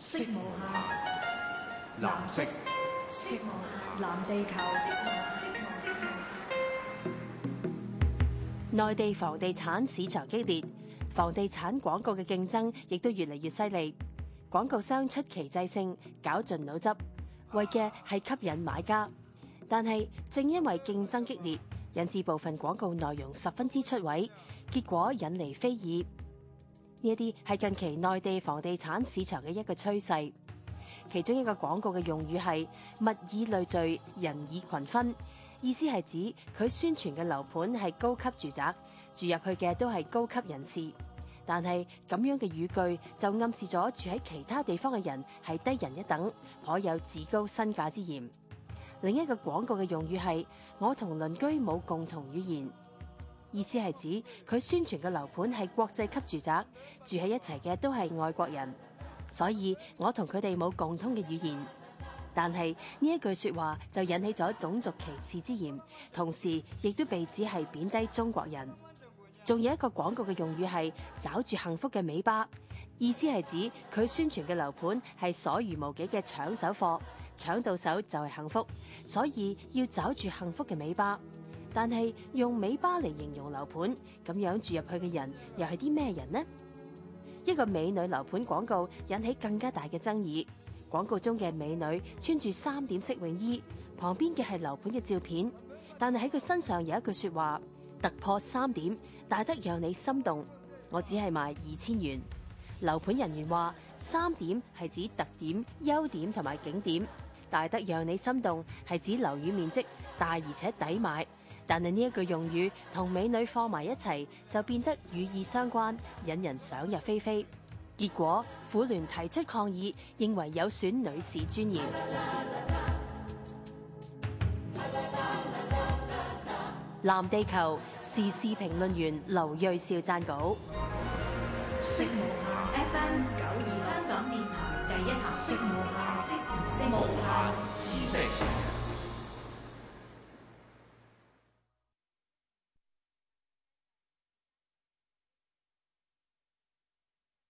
色下藍色，色藍色，藍地球。內地房地產市場激烈，房地產廣告嘅競爭亦都越嚟越犀利，廣告商出奇制勝，絞盡腦汁，為嘅係吸引買家。但係正因為競爭激烈，引致部分廣告內容十分之出位，結果引嚟非議。呢一啲係近期內地房地產市場嘅一個趨勢，其中一個廣告嘅用語係物以類聚，人以群分，意思係指佢宣傳嘅樓盤係高級住宅，住入去嘅都係高級人士。但係咁樣嘅語句就暗示咗住喺其他地方嘅人係低人一等，頗有自高身價之嫌。另一個廣告嘅用語係我同鄰居冇共同語言。意思係指佢宣傳嘅樓盤係國際級住宅，住喺一齊嘅都係外國人，所以我同佢哋冇共通嘅語言。但係呢一句説話就引起咗種族歧視之嫌，同時亦都被指係貶低中國人。仲有一個廣告嘅用語係找住幸福嘅尾巴，意思係指佢宣傳嘅樓盤係所餘無幾嘅搶手貨，搶到手就係幸福，所以要找住幸福嘅尾巴。但係用尾巴嚟形容樓盤，咁樣住入去嘅人又係啲咩人呢？一個美女樓盤廣告引起更加大嘅爭議。廣告中嘅美女穿住三點式泳衣，旁邊嘅係樓盤嘅照片。但係喺佢身上有一句說話：突破三點，大得讓你心動。我只係賣二千元。樓盤人員話：三點係指特點、優點同埋景點，大得讓你心動係指樓宇面積大而且抵買。但係呢一句用語同美女放埋一齊，就變得語意相關，引人想入非非。結果，婦聯提出抗議，認為有損女士尊嚴。藍地球時事評論員劉銳紹撰稿。